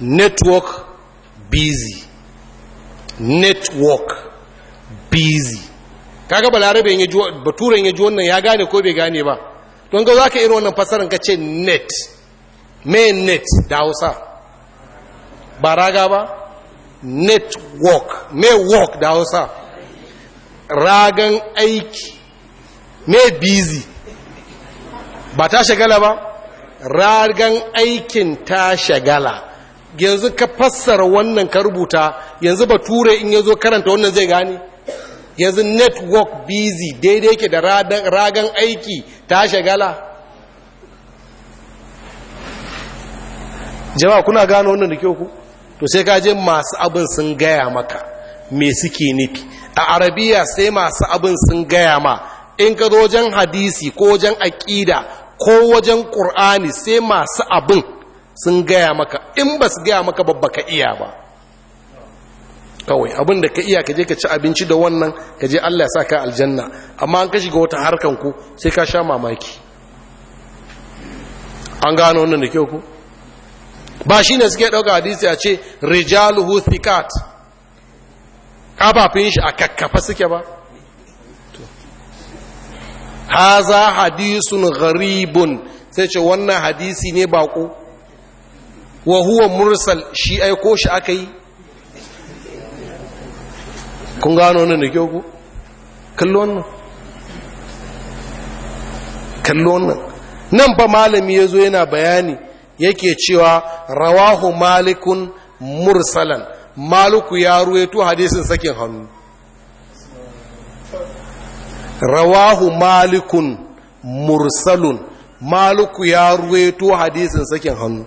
Speaker 1: network busy network busy kaga balarabe ya ji baturen ya ji wannan ya gane ko bai gane ba don ga zaka irin wannan fasaran ka ce net me net da Hausa ba raga ba network me work da Hausa ragan aiki me busy ba ta shagala ba ragan aikin ta shagala yanzu ka fassara wannan ka rubuta yanzu bature in ya zo karanta wannan zai gane yanzu network busy daidai ke da ragan aiki ta shagala jama'a kuna gano wannan da kyau ku to sai kaje masu abin sun gaya maka me suke nufi a arabiya sai masu abin sun gaya ma in ka zo wajen hadisi ko wajen aƙida ko wajen ƙur'ani sai masu abin sun gaya maka in ba su gaya maka babba ka iya ba kawai abin ka iya ka je ka ci abinci da wannan ka je Allah ya sa ka aljanna amma an ka shiga wata harkan ku sai ka sha mamaki an gano wannan da kyau ku ba shi ne suke ɗauka hadisi a ce rijaluhu thikat ƙafafin shi a kakkafa suke ba haza hadisun gharibun sai ce wannan hadisi ne baƙo wa huwa mursal shi aiko shi aka yi kun gano wannan da kyau ku kallo wannan kallo wannan nan fa malami ya zo yana bayani yake cewa rawahu malikun mursalan maluku ya ruwaito hadisin sakin hannu rawahu malikun mursalun maluku ya ruwaito hadisin sakin hannu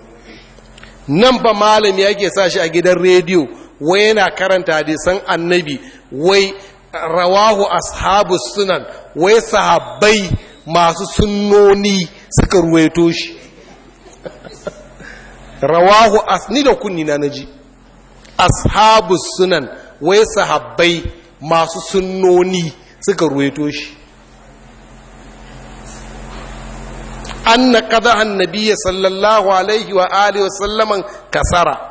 Speaker 1: nan ba malami yake sa shi a gidan rediyo wai yana karanta hadisan annabi wai rawahu ashabu sunan wai sahabbai masu sunnoni suka ruwaito shi rawahu asni da kunni na naji ashabu sunan wai sahabbai masu sunnoni suka ruwaito shi na kada annabi sallallahu alaihi wa alihi wa sallaman kasara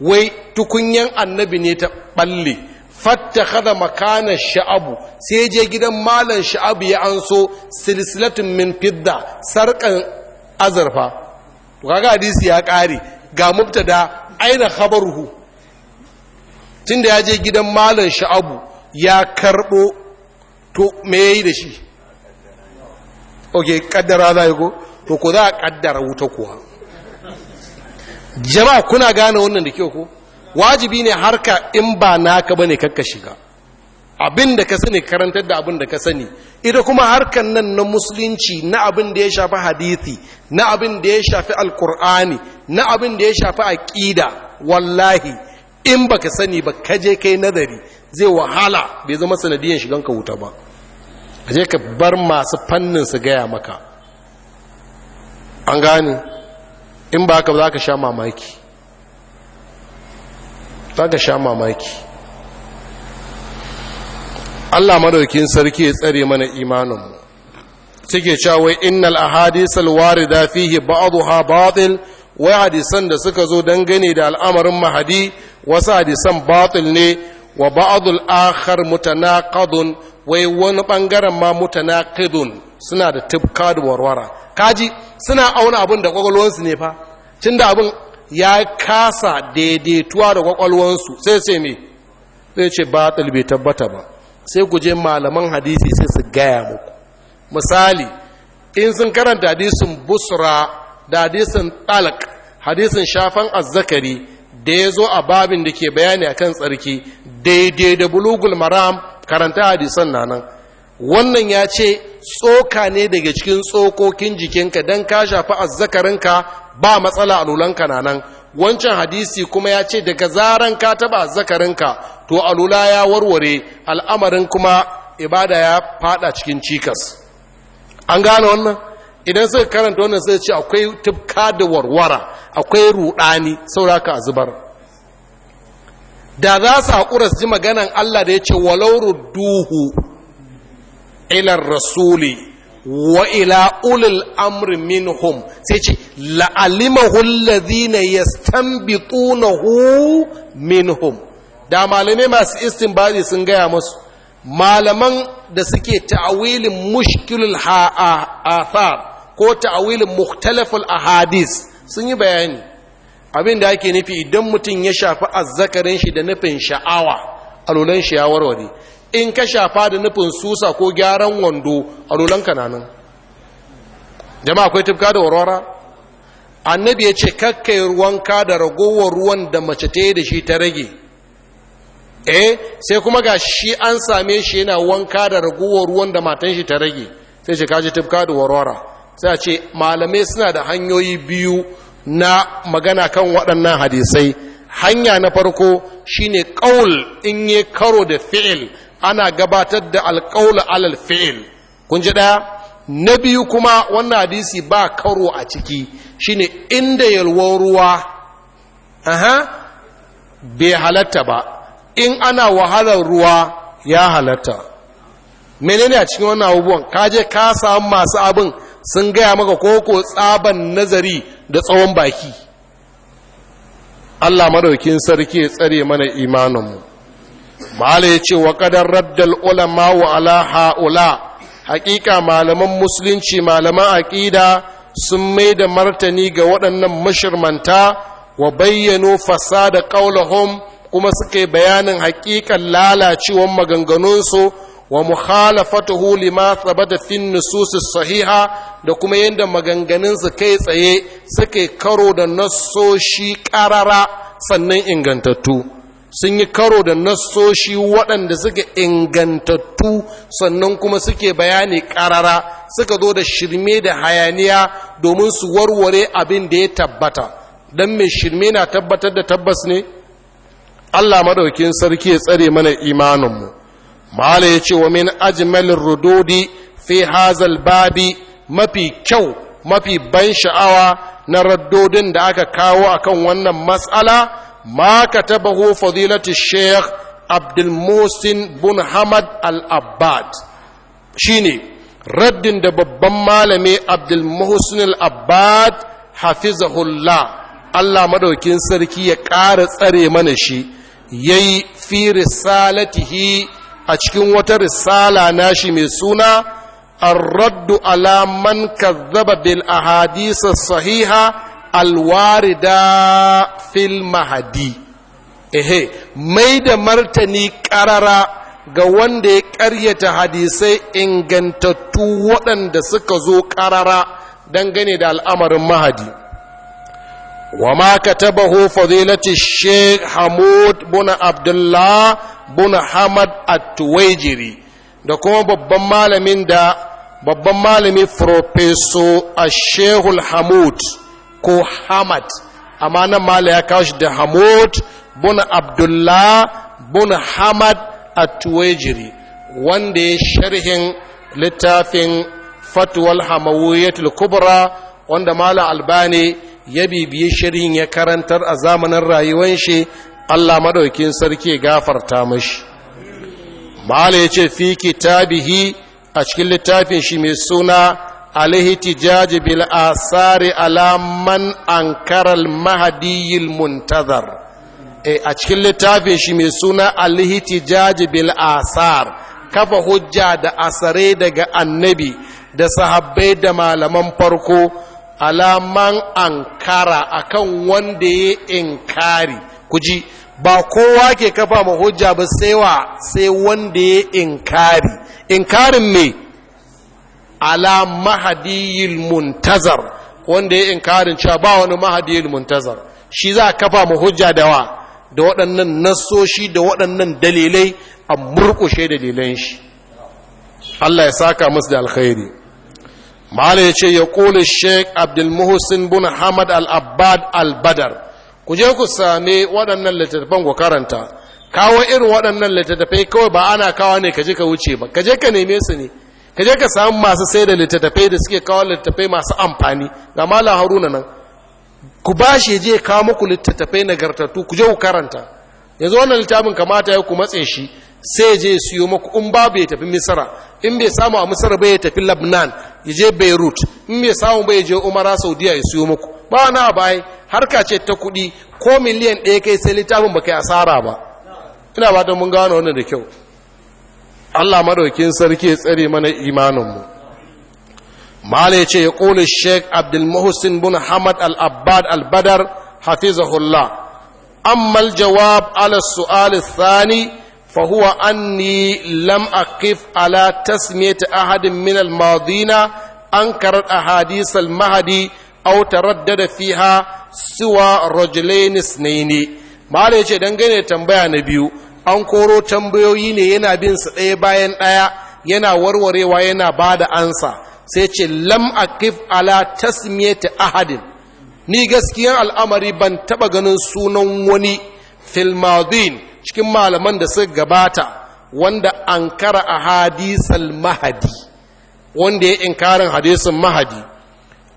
Speaker 1: wai tukunyan annabi ne ta balle fatta kada makana sha'abu sai je gidan malan sha'abu ya anso silsilatin min fidda sarkan azurfa to kaga hadisi ya kare ga mubtada aina khabaruhu tunda ya je gidan malan sha'abu ya karbo to me yayi da shi okay kaddara za yi ko to ko za a kaddara wuta kuwa jama'a kuna gane wannan da kyau ko wajibi ne harka in ba naka bane kakka shiga abin da ka sani karantar da abin da ka sani ita kuma harkan nan na musulunci na abin da ya shafi hadithi na abin da ya shafi alkur'ani na abin da ya shafi aƙida wallahi in baka sani ba ka je kai nazari zai wahala bai zama sanadiyan shigan ka wuta ba A je ka bar masu fannin su gaya maka an gane in ba haka za ka sha mamaki za ka sha mamaki Allah madaukin sarki ya tsare mana imaninmu suke cewa innal ahadisal warida fihi ba'dha batil wai hadisan da suka zo dangane da al'amarin mahadi wasu hadisan batil ne wa ba'dul akhar mutanaqadun wai wani bangaren ma mutanaqidun suna da tufka da warwara kaji suna auna abin da kwakwalwansu ne fa cin da abin ya kasa daidaituwa da kwakwalwansu sai ce me sai ce ba bai tabbata ba sai ku je malaman hadisi sai su gaya muku misali in sun karanta hadisin busra da hadisin talak hadisin shafan azzakari da ya zo a babin da ke bayani a kan tsarki daidai da bulugul maram karanta hadisan nan. wannan ya ce tsoka ne daga cikin tsokokin jikinka don ka shafi azzakarinka ba matsala alulanka na nan wancan hadisi kuma ya ce daga zaran ka taba zakarinka to alula ya warware al'amarin kuma ibada ya fada cikin cikas an gane wannan idan suka karanta wannan sai ce akwai tufka da warwara akwai rudani sauraka a zubar da za su haƙura su ji maganan allah da ya ce walau duhu ilar rasuli wa ila ulil amri minhum sai ce la'alimahu alladhina yastanbitunahu minhum da malamai masu istinbari sun gaya musu malaman da suke ta'awilin mushkilul athar ko ta'awilin mukhtalaful ahadis sun yi bayani abin da ake nufi idan mutum ya shafi azzakarin shi da nufin sha'awa alulan shi ya warware in ka shafa da nufin susa ko gyaran wando a rulan kananan jama akwai tufka da warwara annabi ya ce kakkai ruwanka da ragowar ruwan da mace ta yi da shi ta rage eh sai kuma ga shi an same shi yana wanka da ragowar ruwan da matan shi ta rage sai shi kaji tufka da warwara sai a ce malamai suna da hanyoyi biyu na magana kan waɗannan hadisai hanya na farko shine ƙaul in yi karo da fi'il ana gabatar da alƙaula alal fi'il kun ji ɗaya na biyu kuma wannan hadisi ba karo a ciki shine inda yalwar ruwa aha bai halatta ba in ana wahalar ruwa ya halatta menene a cikin wannan abubuwan kaje ka samu masu abin sun gaya maka koko tsaban nazari da tsawon baki Allah madaukin sarki ya tsare mana imaninmu mala ya ce wa kadar raddal ulama wa ala ha'ula hakika malaman musulunci malaman aƙida sun mai da martani ga waɗannan mashirmanta wa bayyano fasada qaulahum kuma suka yi bayanin hakikan lalacewar maganganunsu wa mukhalafatuhu lima thabata fi nusus sahiha da kuma yadda maganganunsu kai tsaye suke karo da nasoshi ƙarara sannan ingantattu sun yi karo da nassoshi waɗanda suke ingantattu sannan kuma suke bayani ƙarara suka zo da shirme da hayaniya domin su warware abin da ya tabbata don mai shirme na tabbatar da tabbas ne allah maɗaukin sarki ya tsare mana imaninmu mala ya ce wa min ajmalin rudodi fi hazal babi mafi kyau mafi ban sha'awa na raddodin da aka kawo akan wannan matsala ma katabahu fadilatu sheikh abdul musin al-abbad shine raddin da babban malami abdul muhsin al-abbad hafizahullah Allah madaukin sarki ya ƙara tsare mana shi yayi fi risalatihi a cikin wata risala na shi mai suna الرد على من كذب بالأحاديث sahiha. alwarida fil mahadi ehe mai da martani karara ga wanda ya karyata hadisai ingantattu waɗanda suka zo karara dangane da al'amarin mahadi wa ma katabahu fadilati sheikh hamud bin abdullah bin hamad at-tuwaijiri da kuma babban malamin da babban malami professor ash-sheikhul hamud ko hamad amma nan mala ya kawo shi da hamud bun abdullah bun hamad a tuwejiri wanda ya sharhin littafin fatuwal hamawiyatul kubra wanda mala albani ya bibiye sharhin ya karantar a zamanin rayuwan shi allah madaukin sarki gafarta mashi mala ya ce fi kitabihi a cikin littafin shi mai suna alaihtijaji bil asari ala man ankara al mahdi muntazar a cikin littafin shi mai suna alaihtijaji bil asar kafa hujja da asare daga annabi da sahabbai da malaman farko alaman ankara akan wanda ya inkari kuji ba kowa ke kafa ma hujja ba sai wa sai wanda ya inkari inkarin me ala mahadiyil muntazar wanda ya inkarin cewa ba wani mahadiyil muntazar shi za a kafa mu hujja da wa da waɗannan nassoshi da waɗannan dalilai a murƙushe dalilan shi Allah ya saka musu da alkhairi mala ya ce ya ƙoli sheik abdulmuhusin bin hamad al-abbad al-badar ku je ku same waɗannan littattafan ku karanta kawo irin waɗannan littattafai kawai ba ana kawo ne ka je ka wuce ba ka je ka neme su ne ka je ka samu masu sai da littattafai da suke kawo littattafai masu amfani ga mala haruna nan ku ba shi je kawo muku littattafai nagartattu ku je ku karanta yanzu wannan littafin kamata ya ku matse shi sai je siyo maku in babu ya tafi misira in bai samu a misira bai ya tafi labnan ya je beirut in bai samu bai ya je umara saudiya ya siyo maku ba na bai harka ce ta kuɗi ko miliyan ɗaya kai sai littafin ba kai asara ba ina ba don mun gano wannan da kyau Allah madaukin sarki ya tsare mana imaninmu mala yace ya kula Sheikh Abdul Muhsin bin Hamad Al-Abbad Al-Badar hafizahullah amma jawab ala su'ali sual ath-thani fa anni lam aqif ala tasmiyati ahadin min al-madina ankarat ahadith al-mahdi aw taraddada fiha siwa rajulain isnaini mala yace dangane tambaya na biyu an koro tambayoyi ne yana bin su ɗaya bayan ɗaya yana warwarewa yana ba da ansa sai ce lam aqif ala tasmiyati ahadin ni gaskiyan al'amari ban taba ganin sunan wani filmadin cikin malaman da suka gabata wanda ankara a hadisal mahadi wanda ya inkarin hadisin mahadi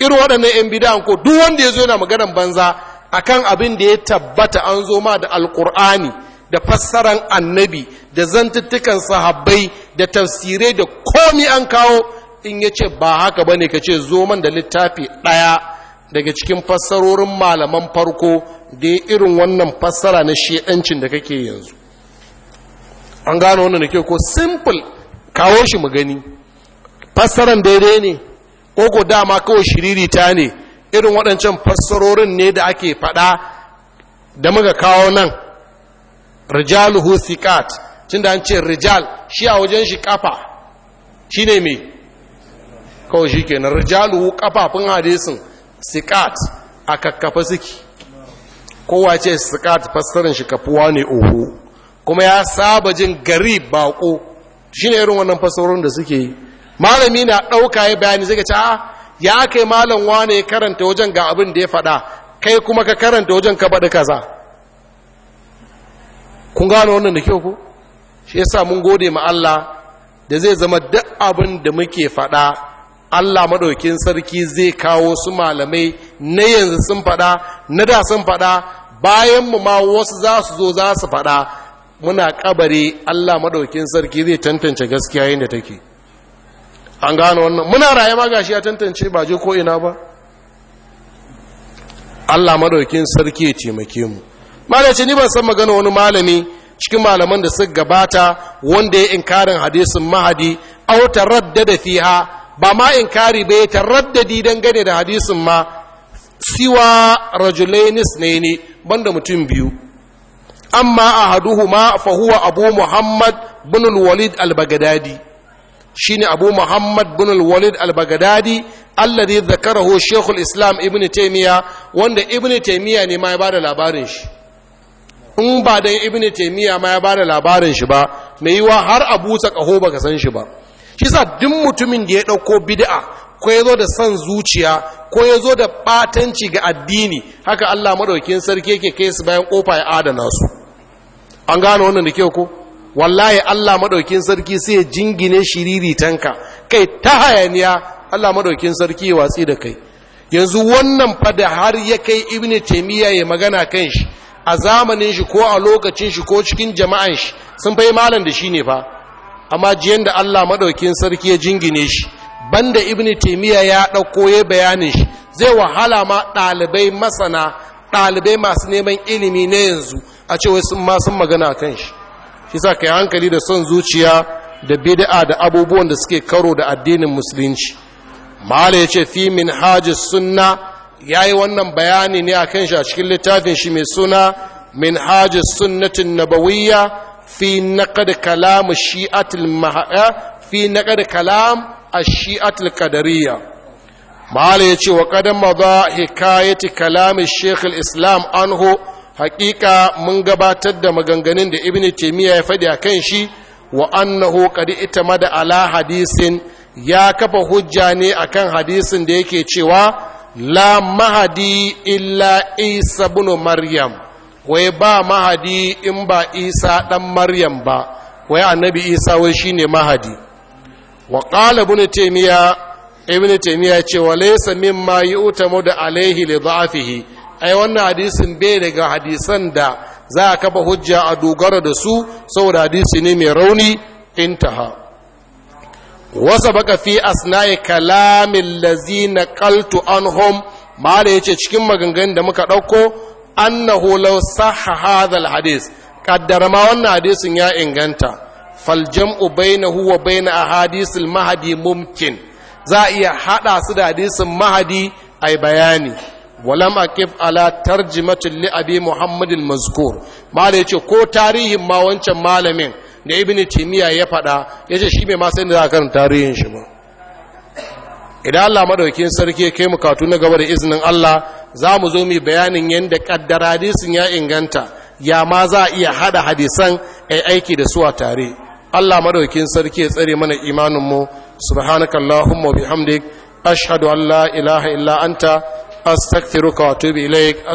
Speaker 1: irin waɗannan 'yan bidan ko duk wanda ya zo yana maganar banza akan abin da ya tabbata an zo ma da alkur'ani da fassaran annabi da zantuttukan sahabbai da tafsirai da komi an kawo in ya ce ba haka ba ne ka ce zo man da littafi ɗaya daga cikin fassarorin malaman farko da irin wannan fassara na shi'ancin da kake yanzu an gano wannan da ke ko simple kawo shi mu gani fassaran daidai ne ko dama kawai shiririta ne irin waɗancan fassarorin ne da ake faɗa da muka kawo nan rijaluhu tun da an ce rijal shi a wajen shi kafa ne me kawai shi kenan rijaluhu kafafun hadisin sikat a kakkafa suke kowa ce sikat fassarin shi kafuwa ne oho kuma ya saba jin gari bako ne irin wannan fassarorin da suke yi malami na ɗauka ya bayani zai ce a ya kai malam wane ya karanta wajen ga abin da ya faɗa kai kuma ka karanta wajen ka baɗi kaza kun gano wannan da kyau ko shi yasa mun gode ma Allah da zai zama duk abin da muke faɗa Allah madaukin sarki zai kawo su malamai na yanzu sun faɗa na da sun faɗa bayan mu ma wasu za su zo za su faɗa muna kabare Allah madaukin sarki zai tantance gaskiya yadda take an gano wannan muna raye ma gashi ya tantance ba je ko ina ba Allah madaukin sarki ya taimake mu malai ce ni ban san magana wani malami cikin malaman da suka gabata wanda ya inkarin hadisin mahadi aw taraddada fiha ba ma inkari ba ya taraddadi dangane da hadisin ma siwa rajulainis ne ne banda mutum biyu amma ahaduhuma fa huwa abu muhammad bin walid al-bagdadi shine abu muhammad bin al-walid al-bagdadi alladhi dhakarahu shaykhul islam ibn taymiya wanda ibn taymiya ne ma ya bada labarin shi in ba dan ibn taymiya ma ya bada labarin shi ba mai yiwa har abu sa kaho baka san shi ba shi sa duk mutumin da ya dauko bid'a ko yazo da san zuciya ko yazo da batanci ga addini haka Allah madaukin sarki yake kai su bayan kofa ya adana su an gano wannan da kyau ko wallahi Allah madaukin sarki sai ya jingine shiriri tanka kai ta hayaniya Allah madaukin sarki ya watsi da kai yanzu wannan fa da har ya kai ibnu taymiya ya magana kan shi a zamanin shi ko a lokacin shi ko cikin jama'an shi sun fai malam da shi ne fa amma jiyan da Allah maɗaukin sarki ya jingine shi banda Ibn taymiya ya ɗauko ya bayanin shi zai wahala ma ɗalibai masana ɗalibai masu neman ilimi na yanzu a ce wai sun ma sun magana kan shi shi sa kai hankali da son zuciya da bid'a da abubuwan da suke karo da addinin musulunci mala yace fi min hajis sunna ya yi wannan bayani ne a kan shi a cikin littafin shi mai suna min hajji sunnatin nabawiyya fi naƙar kalam shi'atul maha'a eh, fi naƙar kalam a shi'atul ƙadariya ma'ala ya ce wa ƙadan a hikayeti kalamin shekul islam anhu haƙiƙa mun gabatar da maganganun da ibn taimiyya ya faɗi a kan shi wa annahu qad itamada ala hadisin ya kafa hujja ne akan hadisin da yake cewa la mahadi illa isa bunu maryam wai ba mahadi in ba isa ɗan maryam ba wai annabi isa wai shine mahadi wa qala ibn taymiya ibn taymiya ce wa laysa mimma yu'tamu da alaihi li dha'fihi ai wannan hadisin bai daga hadisan da za a kafa hujja a dogara da su saboda hadisi ne mai rauni intaha wasa baka fi asna'i kalamin lazina kaltu anhum ma da yace cikin maganganun da muka ɗauko annahu law sahha hadis kaddara ma wannan hadisin ya inganta Faljam'u jam'u bainahu wa a ahadisil mahadi mumkin za a iya haɗa su da hadisin mahdi ai bayani walam akif ala tarjimatin li abi muhammadin mazkur ma da yace ko tarihin ma wancan malamin da ibini timiya ya faɗa ya ce shi mai masu yadda za a karanta tarihin shi ba idan allah maɗaukin sarki kai mukatu na gaba da izinin allah za mu zo muyi bayanin yadda ƙaddara hadisin ya inganta ya ma za a iya haɗa hadisan a aiki da su a tare allah maɗaukin sarki ya tsare mana imaninmu subhanakallahumma bihamdik ashhadu an la ilaha illa anta astaghfiruka wa atubu ilaik